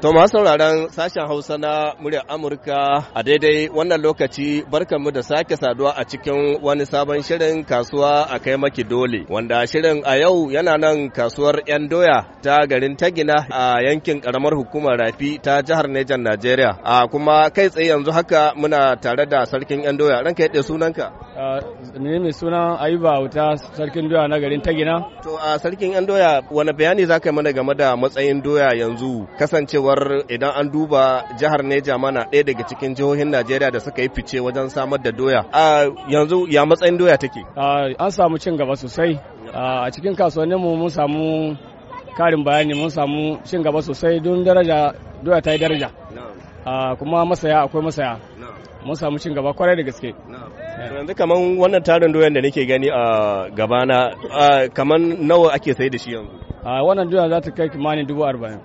To ma sauraron sashen Hausa na muryar Amurka a daidai wannan lokaci barkanmu da sake saduwa a cikin wani sabon shirin kasuwa a kai maki dole wanda shirin a yau yana nan kasuwar 'yan doya ta garin Tagina a yankin karamar hukumar Rafi ta jihar Nejan Najeriya. A kuma kai tsaye yanzu haka muna tare da sarkin 'yan doya ranka yadda sunanka. Ni mai suna Ayuba Auta sarkin doya na garin Tagina. To a sarkin 'yan doya wani bayani za ka yi mana game da matsayin doya yanzu kasancewa cewar idan an duba jihar Neja mana ɗaya daga cikin jihohin Najeriya da suka yi fice wajen samar da doya. A yanzu ya matsayin doya take? An samu cin gaba sosai. A cikin kasuwannin mu mun samu karin bayani mun samu cin gaba sosai don daraja doya ta yi daraja. Kuma masaya akwai masaya. Mun samu cin gaba kwarai da gaske. yanzu kamar wannan tarin doyan da nake gani a gabana kamar nawa ake sai da shi yanzu. wannan doya za ta kai kimanin dubu arba'in.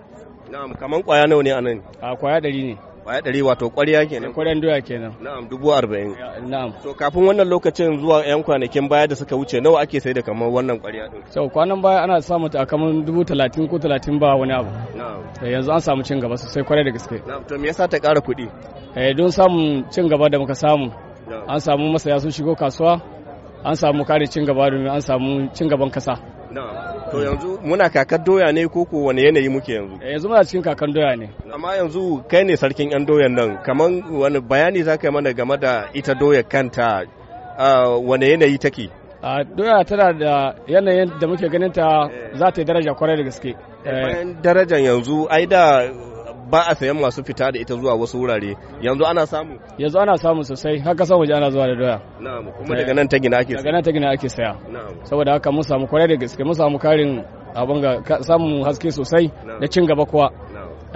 Na'am, kaman kwaya nawa ne a nan? A kwaya ɗari ne. Kwaya ɗari wato ƙwarya kenan. Ƙwaryan doya kenan. Na'am, dubu arba'in. Na'am. To kafin wannan lokacin zuwa 'yan kwanakin baya da suka wuce nawa ake sai da kamar wannan kwariya ɗin? So kwanan baya ana samun ta a kamar dubu talatin ko talatin ba wani abu. Na'am. Eh, yanzu an samu cin gaba sosai kwarai da gaske. Na'am, to me yasa ta ƙara kuɗi? Eh don samun cin gaba da muka samu. An samu masaya sun shigo kasuwa. An samu kare cin gaba domin an samu cin gaban kasa. Na'am. To yanzu muna kakar doya ne ko ko wani yanayi muke yanzu? Eh, yanzu muna cikin kakar doya ne. Amma yanzu kai ne sarkin 'yan doyan nan, kamar wani bayani za ka yi mana game da ita doya kanta wani yanayi take? doya tana da yanayin da muke ganin ta eh. za ta yi daraja kwarai da gaske. Eh, bayan darajan yanzu ai da ba a sayan masu fita da ita zuwa wasu wurare yanzu ana samu yanzu ana samu sosai har kasan waje ana zuwa da doya na'am kuma daga nan ta gina ake daga nan ta gina ake saya saboda haka mun samu kwarai da gaske mun samu karin abin ga samun haske sosai da cin gaba kuwa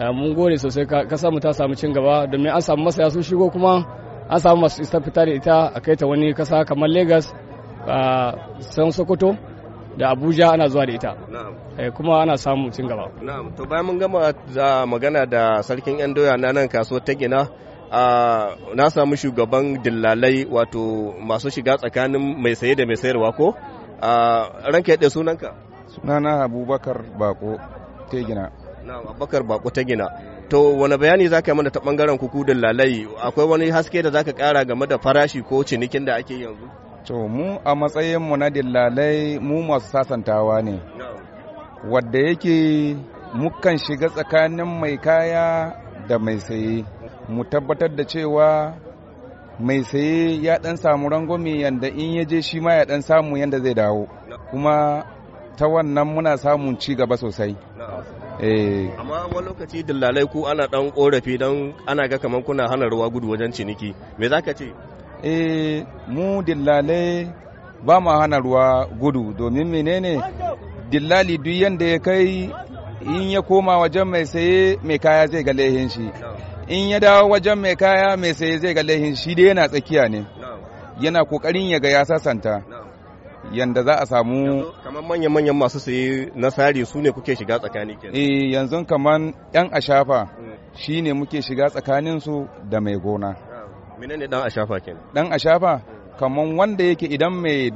eh, mun gode sosai ka samu ta samu cin gaba domin an samu masaya sun shigo kuma an samu masu isa fita da ita a kai ta wani kasa kamar Legas a ah, san Sokoto da abuja ana zuwa da ita eh, kuma ana samu cin gaba to bayan mun gama za magana da sarkin yan doya na nan kasuwar ta gina na samu shugaban dillalai wato masu shiga tsakanin mai saye da mai sayarwa ko ranka yadda sunanka sunana abubakar bako ta gina na abubakar bako ta gina to wani bayani za ka yi mana ta bangaren kuku dillalai akwai wani haske da za ka kara game da farashi ko cinikin da ake yanzu To mu a matsayinmu na dillalai mu masu sasantawa ne. Wadda yake mukan shiga tsakanin mai kaya da mai saye. Mu tabbatar da cewa mai saye ya dan samu rangwame yadda in ya je shi ma ya dan samu yadda zai dawo. Kuma ta wannan muna samun ci gaba sosai. Eh. amma wani lokaci dillalai ku ana dan korafi don ana ga kamar kuna hana ruwa gudu wajen ciniki me za ka ce e mu dillalai ba mu hana ruwa gudu domin menene dillali duk yadda ya kai in ya koma wajen mai saye mai kaya zai ga laihin shi in ya dawo wajen mai kaya mai saye zai ga laihin shi dai yana tsakiya ne yana kokarin ya ga ya sasanta yanda za a samu kamar manyan manyan masu saye na sari su ne kuke shiga tsakani kenan eh yanzu kamar yan ashafa hmm. shine muke shiga tsakanin su da mai gona menene dan ashafa kenan dan ashafa kaman wanda yake idan mai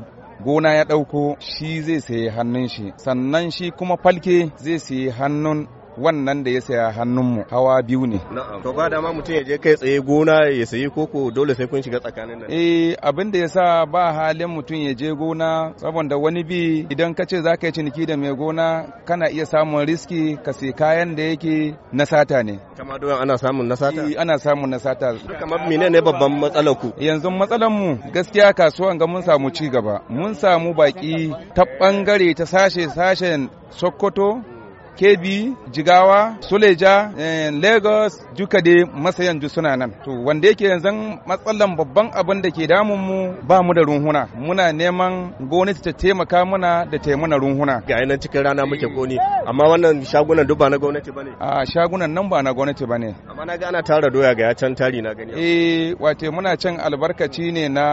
gona ya ɗauko shi zai sayi hannun shi sannan shi kuma falke zai sayi hannun wannan da ya saya hannunmu hawa biyu ne. To ba dama mutum ya je kai tsaye gona ya sayi koko dole sai kun shiga tsakanin nan. Eh abin da ya sa ba halin mutum ya je gona saboda wani bi idan ka ce za ka yi ciniki da mai gona kana iya samun riski ka sai kayan da yake na sata ne. Kama doyan ana samun na sata? Eh ana samun na sata. Kamar mine ne babban matsalar ku? Yanzu matsalar mu gaskiya kasuwan ga mun samu ci gaba. Mun samu baki ta bangare ta sashe sashen Sokoto KB, Jigawa, Suleja, eh, Lagos duka dai masayan duk suna nan. To wanda yake yanzu matsalan babban abin da ke damun mu ba mu da runhuna. Muna neman gwamnati ta taimaka muna da taimuna runhuna. Ga nan cikin rana muke goni amma wannan shagunan duk ba na gwamnati bane. A shagunan nan ba na gwamnati bane. Amma na ga ana tara doya ga ya can tari na gani. Eh wato muna can albarkaci ne na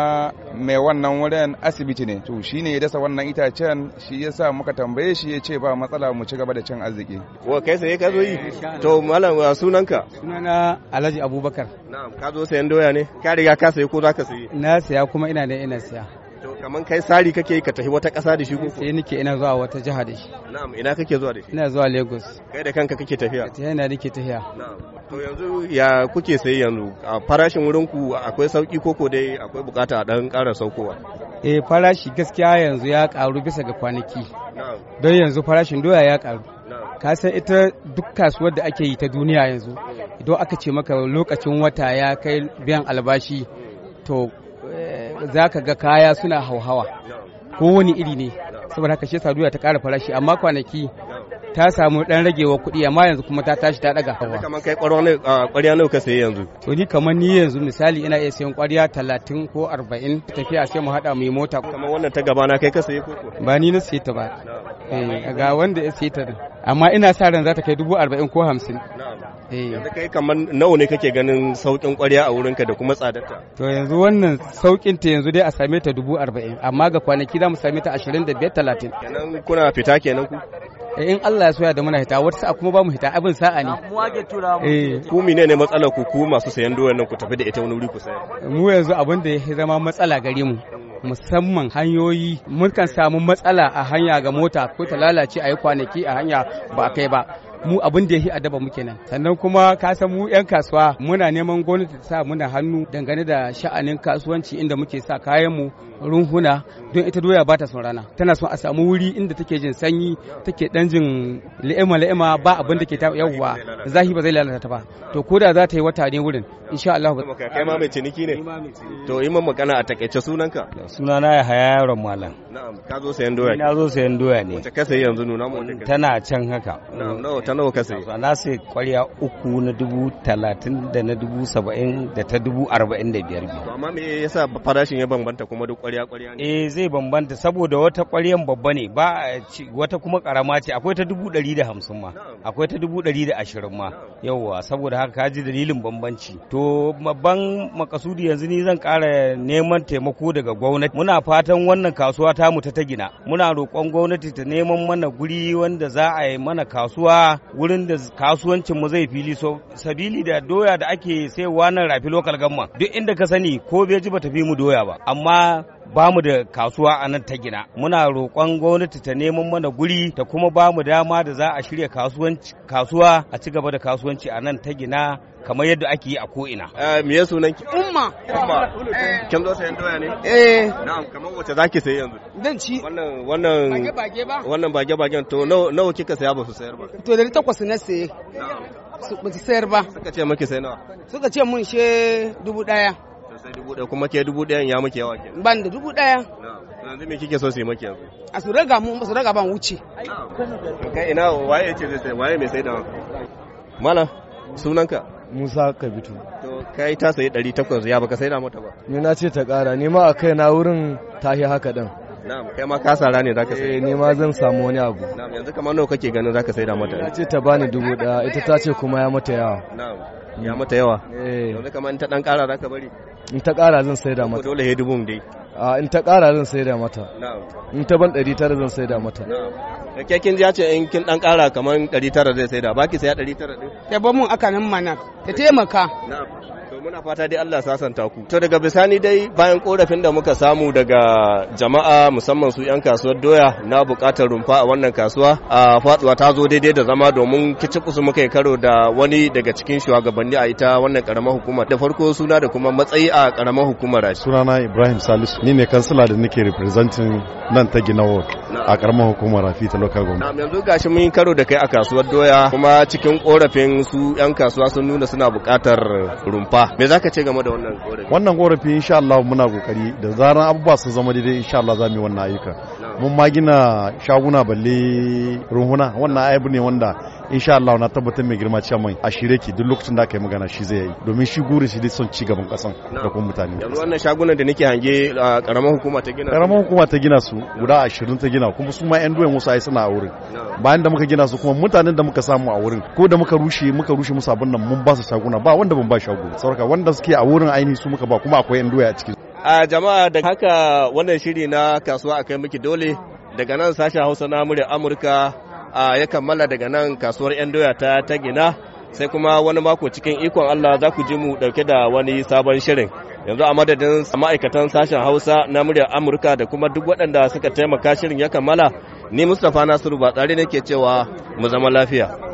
mai wannan wurin asibiti ne. To shine ya dasa wannan itacen shi yasa muka tambaye shi ya ce ba matsala mu ci gaba da cin arziki wa kai sai ka zo yi eh, to malam sunanka sunana Alhaji Abubakar na'am ka zo sayan doya ne ka riga ka sayi ko ka sayi na saya kuma ina da ina saya to kaman kai sari kake ka tafi wata ƙasa da shi ko sai nake ina zuwa wata jiha da shi na'am ina kake zuwa da shi ina zuwa Lagos kai da kanka kake tafiya tafiya ina nake tafiya na'am to yanzu ya kuke sayi yanzu a farashin wurin ku akwai sauki koko dai akwai bukata a dan ƙara saukowa eh farashi gaskiya yanzu ya karu bisa ga kwanaki don yanzu farashin doya ya karu ka san ita duk kasuwar da ake yi ta duniya yanzu idan aka ce maka lokacin wata ya kai biyan albashi to eh, za ka ga kaya suna hauhawa ko wani iri ne saboda haka shi saduwa ta ƙara farashi amma kwanaki ta samu dan ragewa kuɗi amma yanzu kuma ta tashi ta daga hawa kamar kai ƙwarya nawa ka sayi yanzu to ni kamar ni yanzu misali ina iya sayan ƙwarya talatin ko arba'in tafiya sai mu haɗa mai mota kamar wannan ta gaba na kai ka sayi ko ba ni na sayi ta ba eh, ga wanda ya sayi ta amma ina sa ran za ta kai dubu arba'in ko hamsin. Eh. yanzu kai kamar nawa ne kake ganin saukin ƙwarya a wurinka da kuma tsadarta to yanzu wannan saukin ta yanzu dai a same ta dubu arba'in amma ga kwanaki za mu same ta ashirin da biyar talatin kenan kuna fita kenan ku eh, in Allah ya soya da muna hita wata sa'a kuma ba mu hita abin sa'a ne mu wage tura mu eh. ku mine ne matsalar ku ku masu sayan doyar nan ku tafi da ita wani wuri ku sayar mu yanzu abin da ya zama matsala gare mu musamman hanyoyi mukan samu matsala a hanya ga mota ko ta lalace a yi kwanaki a hanya ba a kai ba mu abin da yake adaba muke nan sannan kuma ka san mu yan kasuwa muna neman gwamnati ta sa muna hannu dangane da sha'anin kasuwanci inda muke sa kayan mu runhuna don ita doya ba ta son rana tana son a samu wuri inda take jin sanyi take dan jin la'ima la'ima ba abin da ke ta yawwa zahi ba zai lalata ta ba to ko da za ta yi wata ne wurin insha Allah kai ma mai ciniki ne to yi mun magana a takeice sunanka sunana ya haya yaron malam na'am ka zo sayan doya na zo sayan doya ne wace ka sayi yanzu nuna mu tana can haka na'am ta nawa ka sayi na sai kwarya uku na dubu talatin da na dubu saba'in da ta dubu arba'in da biyar biyu amma me yasa farashin ya bambanta kuma duk kwarya kwarya ne eh zai bambanta saboda wata kwaryan babba ne ba wata kuma karama ce akwai ta dubu ɗari da hamsin ma akwai ta dubu ɗari da ashirin ma yawwa saboda haka ka ji dalilin bambanci to babban makasudi yanzu ni zan ƙara neman taimako daga gwamnati muna fatan wannan kasuwa mu ta ta gina muna roƙon gwamnati ta neman mana guri wanda za a yi mana kasuwa wurin da kasuwancinmu zai fili so sabili da doya da ake sayarwa nan rafi lokal gamma duk inda ka sani ko beji ba ta fi mu doya ba amma ba mu da kasuwa a nan ta gina muna roƙon gwamnati ta neman mana guri ta kuma ba mu dama da za a shirya kasuwa a ci gaba da kasuwanci a nan ta gina kamar yadda ake yi a ko'ina. Eh, Me ya sunan ki? Umma. Umma. Eh. Kin zo sayan doya ne? Eh. Na'am, kamar wacce za ki sayi yanzu? Zan ci. Wannan wannan bage bage ba. Wannan bage bagen to nawa kika saya ba su sayar ba? To da takwas na saye. Ba su sayar ba. Suka ce maki sayi nawa? Suka ce mun she dubu ɗaya. sai dubu ɗaya kuma ke ban da dubu ɗaya a su raga ban wuce kai ina sunanka Musa Kabitu to kai ta sai da ba na ce ta ƙara ni ma a kai na wurin tahi haka na'am ma ka sara ne zaka sai eh, ni ma zan samu wani abu na'am yanzu kamar nawa kake ganin zaka sai da mata ni ce ta bani dubu ɗaya ita ta ce kuma ya mata yawa na'am ya mata yawa eh yanzu kamar ta ɗan ƙara zaka bari in ta ƙara zan saida mata dole he dubu dai a in ta ƙara zan saida mata in ta ban ɗari tara zan saida mata ke kin ya ce in kin dan ƙara kamar ɗari tara zai saida baki sai ɗari tara ɗin ya mun akanin mana ta taimaka muna fata dai Allah sasanta ku. To daga bisani dai bayan korafin da muka samu daga jama'a musamman su 'yan kasuwar doya na bukatar rumfa a wannan kasuwa a fatuwa ta zo daidai da zama domin kici kusu muka yi karo da wani daga cikin shugabanni a ita wannan karamar hukumar. Da farko suna da kuma matsayi a karamar hukumar. Sunana Ibrahim Salisu ni ne kansila da nake representing nan ta Gina Ward a karamar hukumar Rafita Local Government. yanzu gashi mun yi karo da kai a kasuwar doya kuma cikin korafin su 'yan kasuwa sun nuna suna bukatar rumfa Me za ka ce game da wannan korafi? Wannan korafi insha Allah muna kokari da zaran abubuwa sun zama daidai insha Allah za mu yi wannan ayyukan. mun ma gina shaguna balle runhuna wannan aibu ne wanda insha Allah na tabbatar mai girma mai a shirye ki duk lokacin da aka yi magana shi zai yi domin shi guri shi dai son ci gaban kasan da kuma mutane yanzu wannan shagunan da nake hange karamar hukuma ta gina karamar hukuma ta gina su guda 20 ta gina kuma su ma yan duwan wasu ai suna a wurin bayan da muka gina su kuma mutanen da muka samu a wurin ko da muka rushe muka rushe musu abin nan mun ba su shaguna ba wanda ban ba shaguna sauraka wanda suke a wurin ainihi su muka ba kuma akwai yan duwa a cikin a jama'a da haka wannan shiri na kasuwa a kai miki dole daga nan sashen hausa na murya amurka ya kammala daga nan kasuwar 'yan doya ta ta gina sai kuma wani mako cikin ikon allah za ku ji mu dauke da wani sabon shirin yanzu a madadin ma'aikatan sashen hausa na murya amurka da kuma duk waɗanda suka taimaka shirin ya kammala ni mustapha nasiru ba ne nake cewa mu zama lafiya